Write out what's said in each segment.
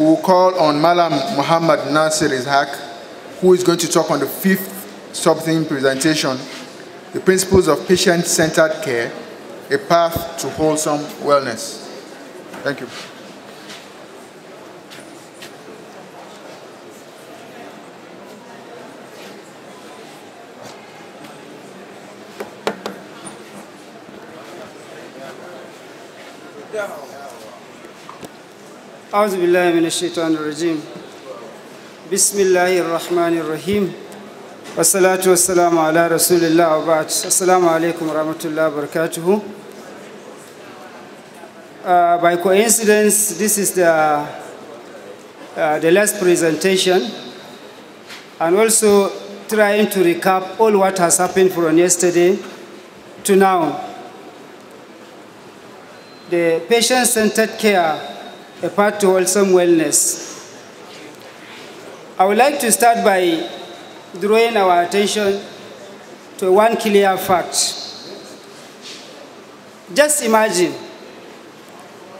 We will call on Malam Muhammad Nasir Ishaq, who is going to talk on the fifth sub-theme presentation, the principles of patient-centered care, a path to wholesome wellness. Thank you. أعوذ بالله من الشيطان الرجيم بسم الله الرحمن الرحيم والصلاة والسلام على رسول الله وبعد السلام عليكم ورحمة الله وبركاته uh, By coincidence, this is the, uh, the last presentation and also trying to recap all what has happened from yesterday to now. The patient-centered care a path to wholesome wellness. I would like to start by drawing our attention to one clear fact. Just imagine,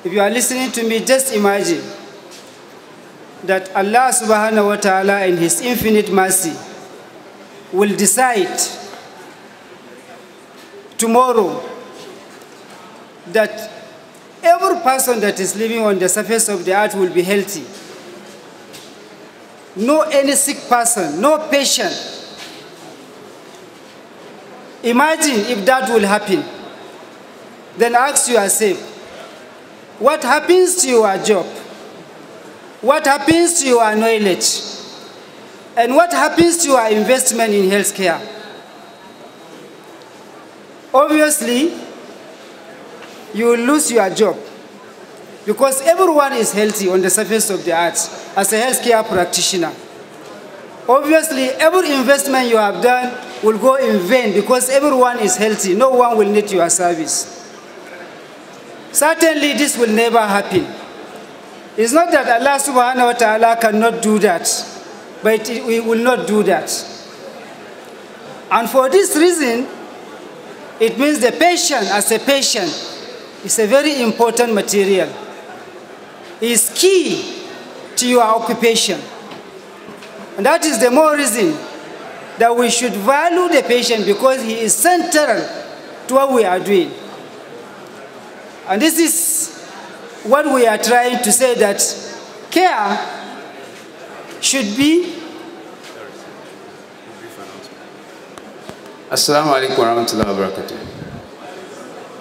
if you are listening to me, just imagine that Allah subhanahu wa ta'ala in his infinite mercy will decide tomorrow that every person that is living on the surface of the earth will be healthy. No any sick person, no patient. Imagine if that will happen. Then ask yourself, what happens to your job? What happens to your knowledge? And what happens to your investment in healthcare? Obviously, you will lose your job. Because everyone is healthy on the surface of the earth as a healthcare practitioner. Obviously, every investment you have done will go in vain because everyone is healthy. No one will need your service. Certainly, this will never happen. It's not that Allah subhanahu wa ta'ala cannot do that, but it, we will not do that. And for this reason, it means the patient as a patient is a very important material. It is key to your occupation. And that is the more reason that we should value the patient because he is central to what we are doing. And this is what we are trying to say that care should be Assalamu alaikum wabarakatuh.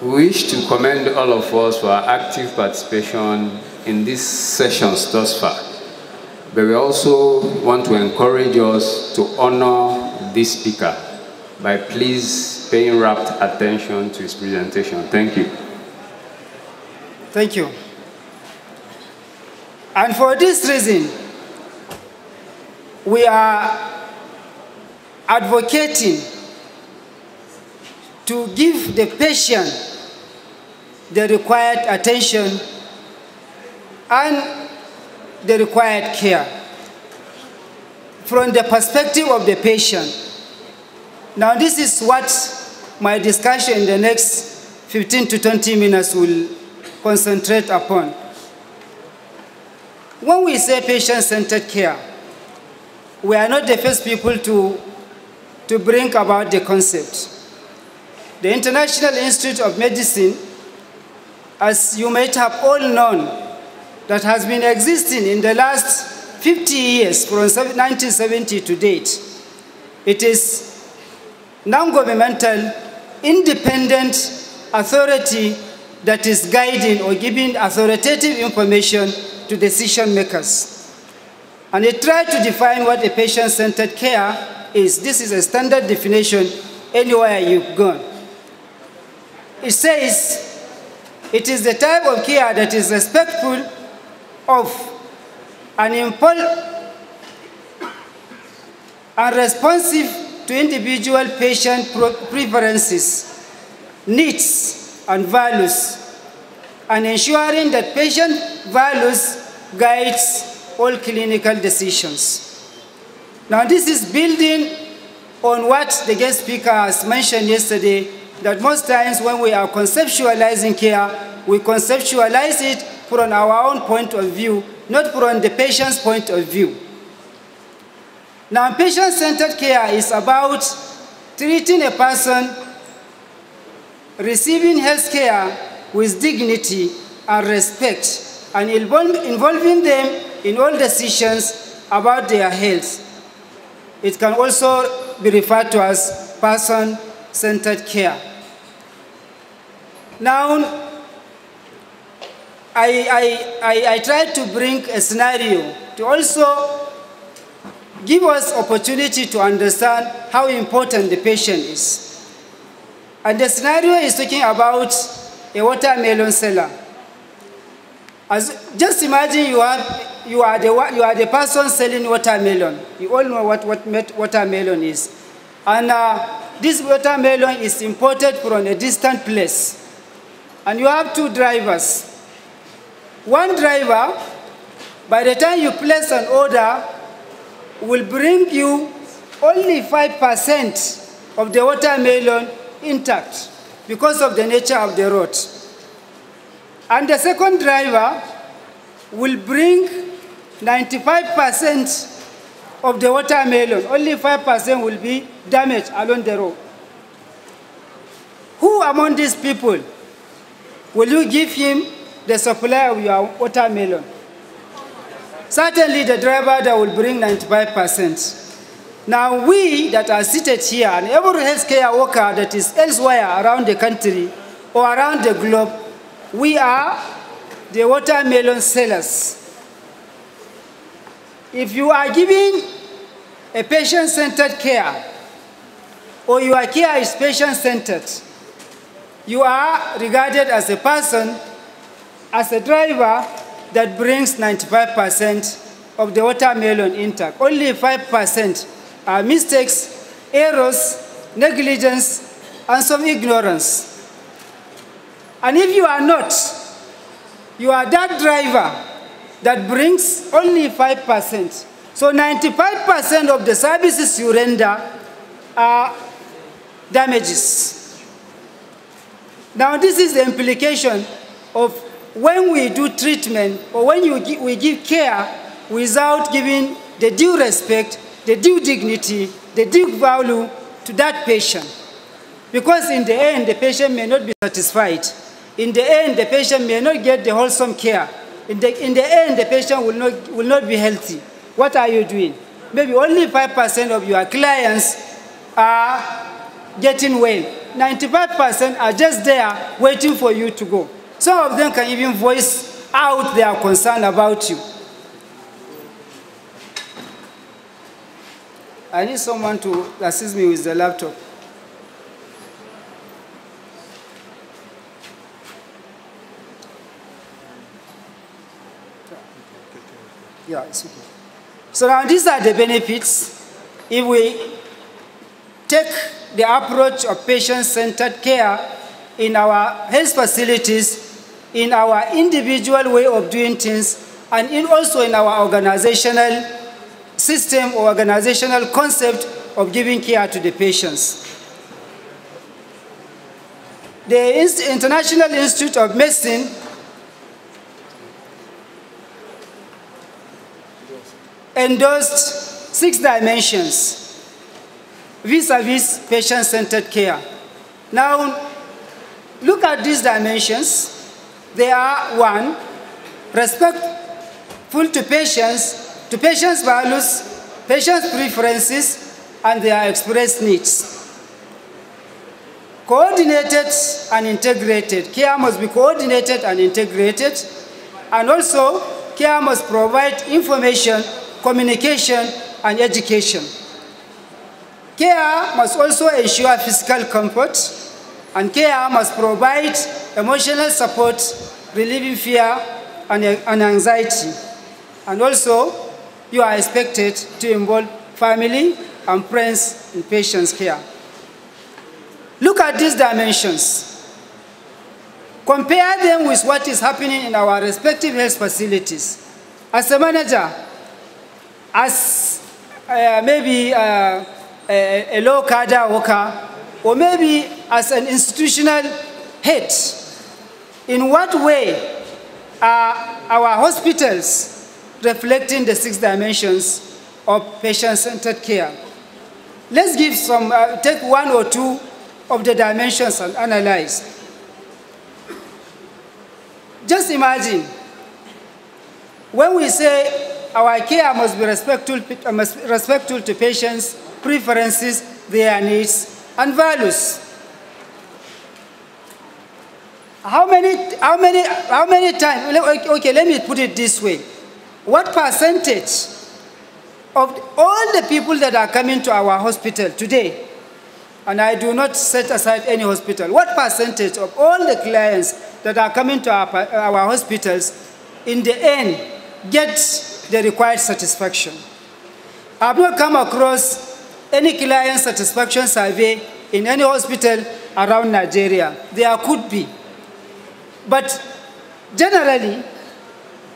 We wish to commend all of us for our active participation in these sessions thus far. But we also want to encourage us to honor this speaker by please paying rapt attention to his presentation. Thank you. Thank you. And for this reason, we are advocating to give the patient the required attention and the required care. From the perspective of the patient, now this is what my discussion in the next 15 to 20 minutes will concentrate upon. When we say patient-centered care, we are not the first people to, to bring about the concept. The International Institute of Medicine as you might have all known, that has been existing in the last 50 years from 1970 to date. It is non-governmental, independent authority that is guiding or giving authoritative information to decision makers. And they try to define what a patient-centered care is. This is a standard definition anywhere you've gone. It says it is the type of care that is respectful of and and responsive to individual patient preferences, needs, and values, and ensuring that patient values guides all clinical decisions. Now this is building on what the guest speaker has mentioned yesterday that most times when we are conceptualizing care, we conceptualize it from our own point of view, not from the patient's point of view. Now, patient-centered care is about treating a person receiving health care with dignity and respect and involving them in all decisions about their health. It can also be referred to as person-centered care. Now, I, I, I, I to bring a scenario to also give us opportunity to understand how important the patient is. And the scenario is talking about a watermelon seller. As, just imagine you, have, you, are the, you are the person selling watermelon. You all know what, what watermelon is. And uh, this watermelon is imported from a distant place and you have two drivers. One driver, by the time you place an order, will bring you only 5% of the watermelon intact because of the nature of the road. And the second driver will bring 95% of the watermelon. Only 5% will be damaged along the road. Who among these people Will you give him the supply of your watermelon? Certainly the driver that will bring 95%. Now we that are seated here and every healthcare worker that is elsewhere around the country or around the globe, we are the watermelon sellers. If you are giving a patient-centered care or your care is patient-centered, you are regarded as a person, as a driver that brings 95% of the watermelon intact. Only 5% are mistakes, errors, negligence, and some ignorance. And if you are not, you are that driver that brings only 5%. So 95% of the services you render are damages. Now, this is the implication of when we do treatment or when gi we give care without giving the due respect, the due dignity, the due value to that patient. Because in the end, the patient may not be satisfied. In the end, the patient may not get the wholesome care. In the, in the end, the patient will not, will not be healthy. What are you doing? Maybe only 5% of your clients are getting well. 95% are just there waiting for you to go. Some of them can even voice out their concern about you. I need someone to assist me with the laptop. Yeah, it's okay. So now these are the benefits if we take the approach of patient-centered care in our health facilities, in our individual way of doing things, and in also in our organizational system or organizational concept of giving care to the patients. The International Institute of Medicine endorsed six dimensions vis-a-vis patient-centered care. Now, look at these dimensions. They are one, respectful to patients, to patients' values, patients' preferences, and their expressed needs. Coordinated and integrated. Care must be coordinated and integrated. And also, care must provide information, communication, and education. Care must also ensure physical comfort, and care must provide emotional support, relieving fear and, anxiety. And also, you are expected to involve family and friends in patients' care. Look at these dimensions. Compare them with what is happening in our respective health facilities. As a manager, as uh, maybe uh, a, eh, a eh, low cadre worker, or maybe as an institutional head. In what way are our hospitals reflecting the six dimensions of patient-centered care? Let's give some, uh, take one or two of the dimensions and analyze. Just imagine, when we say our care must be respectful, must be respectful to patients, preferences, their needs and values. How many, how many, how many times, okay, let me put it this way. What percentage of all the people that are coming to our hospital today, and I do not set aside any hospital, what percentage of all the clients that are coming to our, our hospitals in the end get the required satisfaction? I've not come across any client satisfaction survey in any hospital around Nigeria. There could be. But generally,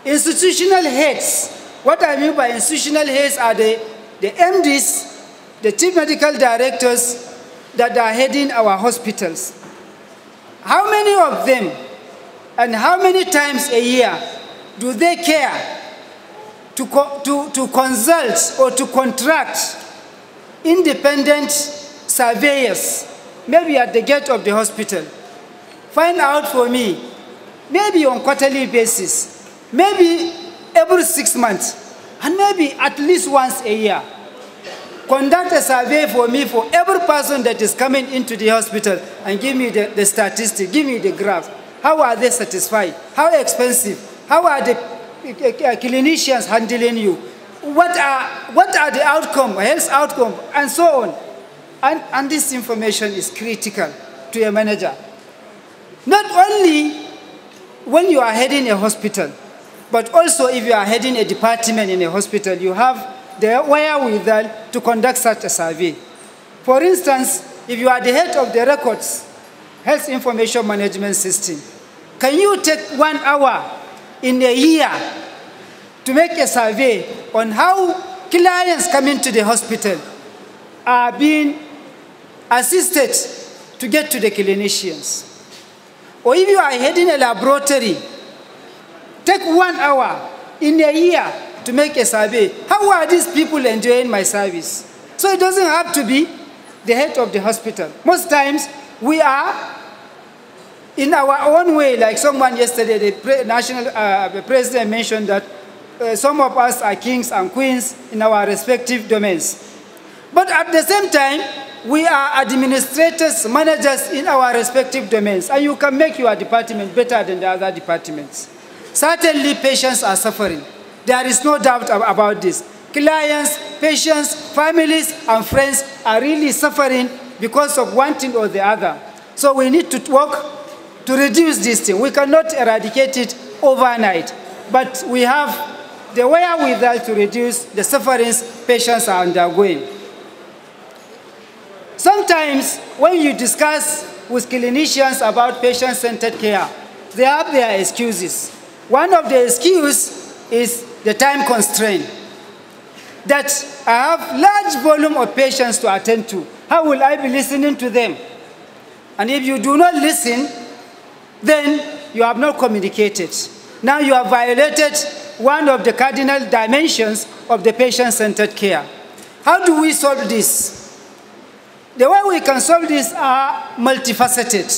institutional heads, what I mean by institutional heads are the, the MDs, the chief medical directors that are heading our hospitals. How many of them and how many times a year do they care to, to, to consult or to contract independent surveyors, maybe at the gate of the hospital. Find out for me, maybe on quarterly basis, maybe every six months, and maybe at least once a year. Conduct a survey for me for every person that is coming into the hospital and give me the, the statistic, give me the graph. How are they satisfied? How expensive? How are the uh, uh, clinicians handling you? what are, what are the outcome, health outcome, and so on. And, and this information is critical to a manager. Not only when you are heading a hospital, but also if you are heading a department in a hospital, you have the wherewithal to conduct such a survey. For instance, if you are the head of the records, health information management system, can you take one hour in a year to make a survey on how clients coming to the hospital are being assisted to get to the clinicians. Or if you are heading a laboratory, take one hour in a year to make a survey. How are these people enjoying my service? So it doesn't have to be the head of the hospital. Most times we are in our own way, like someone yesterday, the pre national uh, the president mentioned that uh, some of us are kings and queens in our respective domains. But at the same time, we are administrators, managers in our respective domains, and you can make your department better than the other departments. Certainly, patients are suffering. There is no doubt about this. Clients, patients, families, and friends are really suffering because of one thing or the other. So we need to work to reduce this thing. We cannot eradicate it overnight, but we have the were with us to reduce the sufferings patients are undergoing. Sometimes when you discuss with clinicians about patient-centered care, they have their excuses. One of the excuses is the time constraint. That I have large volume of patients to attend to. How will I be listening to them? And if you do not listen, then you have not communicated. Now you have violated one of the cardinal dimensions of the patient-centered care. How do we solve this? The way we can solve this are multifaceted.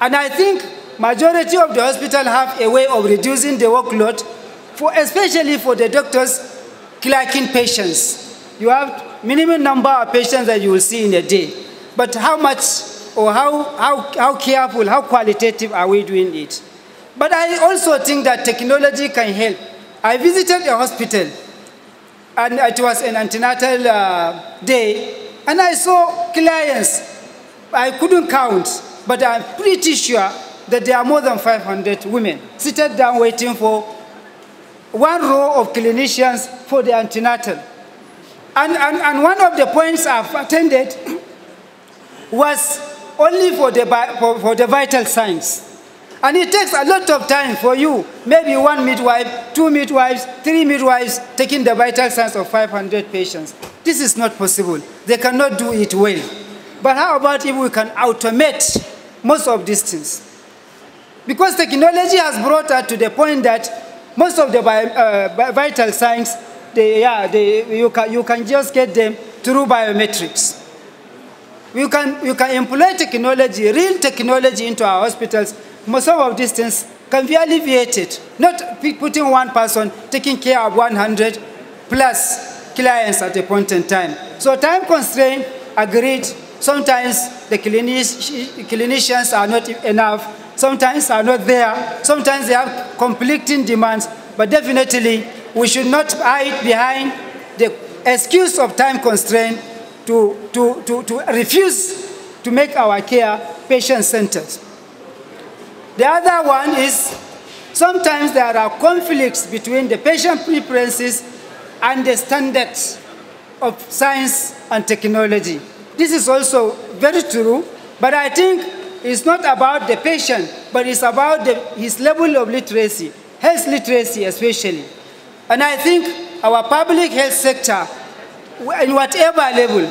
And I think majority of the hospital have a way of reducing the workload, for, especially for the doctors clerking patients. You have minimum number of patients that you will see in a day. But how much or how, how, how careful, how qualitative are we doing it? But I also think that technology can help. I visited a hospital, and it was an antenatal uh, day, and I saw clients. I couldn't count, but I'm pretty sure that there are more than 500 women seated down waiting for one row of clinicians for the antenatal. And, and, and one of the points I've attended was only for the, for, for the vital signs. And it takes a lot of time for you, maybe one midwife, two midwives, three midwives, taking the vital signs of 500 patients. This is not possible. They cannot do it well. But how about if we can automate most of these things? Because technology has brought us to the point that most of the uh, vital signs, they, yeah, they, you, can, you can just get them through biometrics. You can, you can employ technology, real technology into our hospitals most of our distance can be alleviated, not putting one person taking care of 100 plus clients at a point in time. So time constraint agreed. Sometimes the clinicians are not enough. Sometimes are not there. Sometimes they have conflicting demands. But definitely, we should not hide behind the excuse of time constraint to, to, to, to refuse to make our care patient-centered. The other one is sometimes there are conflicts between the patient preferences and the standards of science and technology. This is also very true, but I think it's not about the patient, but it's about the, his level of literacy, health literacy especially. And I think our public health sector, in whatever level,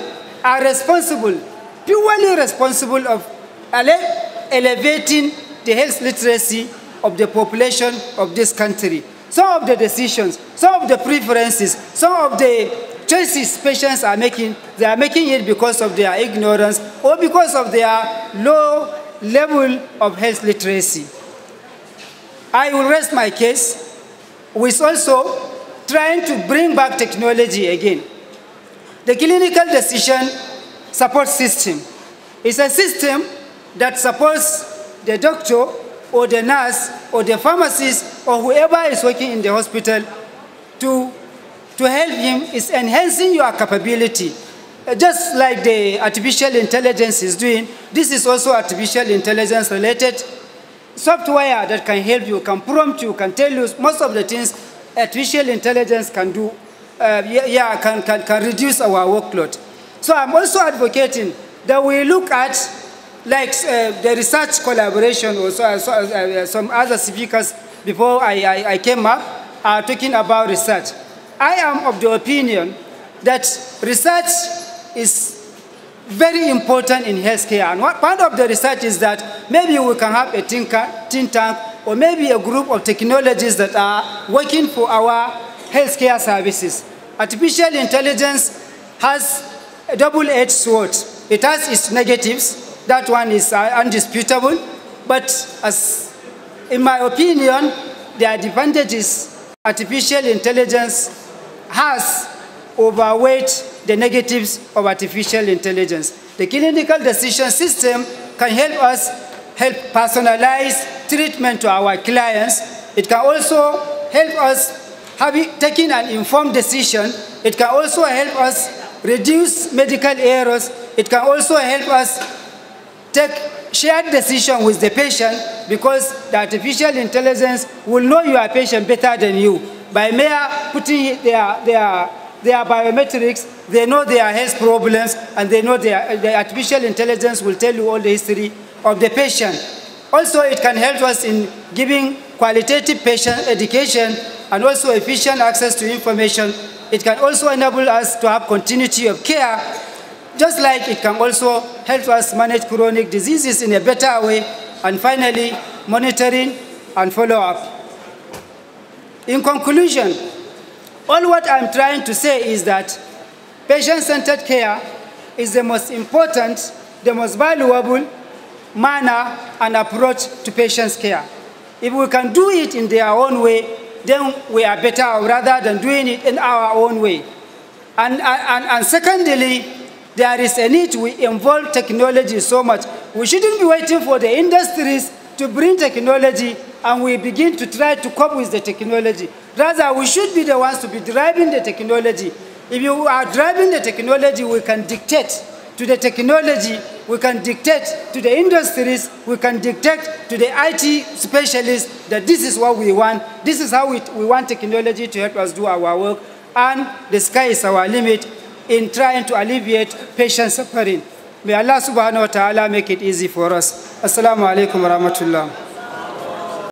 are responsible, purely responsible of elevating the health literacy of the population of this country. Some of the decisions, some of the preferences, some of the choices patients are making, they are making it because of their ignorance or because of their low level of health literacy. I will rest my case with also trying to bring back technology again. The clinical decision support system is a system that supports the doctor or the nurse or the pharmacist or whoever is working in the hospital to, to help him is enhancing your capability. Uh, just like the artificial intelligence is doing, this is also artificial intelligence related software that can help you, can prompt you, can tell you most of the things artificial intelligence can do, uh, yeah, yeah, can, can, can reduce our workload. So I'm also advocating that we look at like uh, the research collaboration also uh, so, uh, uh, some other speakers before I, I, I, came up are talking about research. I am of the opinion that research is very important in healthcare. And what part of the research is that maybe we can have a think tank or maybe a group of technologies that are working for our healthcare services. Artificial intelligence has a double-edged sword. It has its negatives, that one is uh, undisputable. But as in my opinion, the advantage is artificial intelligence has overweight the negatives of artificial intelligence. The clinical decision system can help us help personalize treatment to our clients. It can also help us have taking an informed decision. It can also help us reduce medical errors. It can also help us take shared decision with the patient because the artificial intelligence will know your patient better than you. By mere putting their, their, their biometrics, they know their health problems and they know their, the artificial intelligence will tell you all the history of the patient. Also, it can help us in giving qualitative patient education and also efficient access to information. It can also enable us to have continuity of care, just like it can also help us manage chronic diseases in a better way, and finally, monitoring and follow-up. In conclusion, all what I'm trying to say is that patient-centered care is the most important, the most valuable manner and approach to patients' care. If we can do it in their own way, then we are better rather than doing it in our own way. And, and, and secondly, there is a need we involve technology so much. We shouldn't be waiting for the industries to bring technology and we begin to try to cope with the technology. Rather, we should be the ones to be driving the technology. If you are driving the technology, we can dictate to the technology, we can dictate to the industries, we can dictate to the IT specialists that this is what we want, this is how we, we want technology to help us do our work, and the sky is our limit, in trying to alleviate patient suffering. May Allah subhanahu wa ta'ala make it easy for us. Assalamu alaikum wa rahmatullah.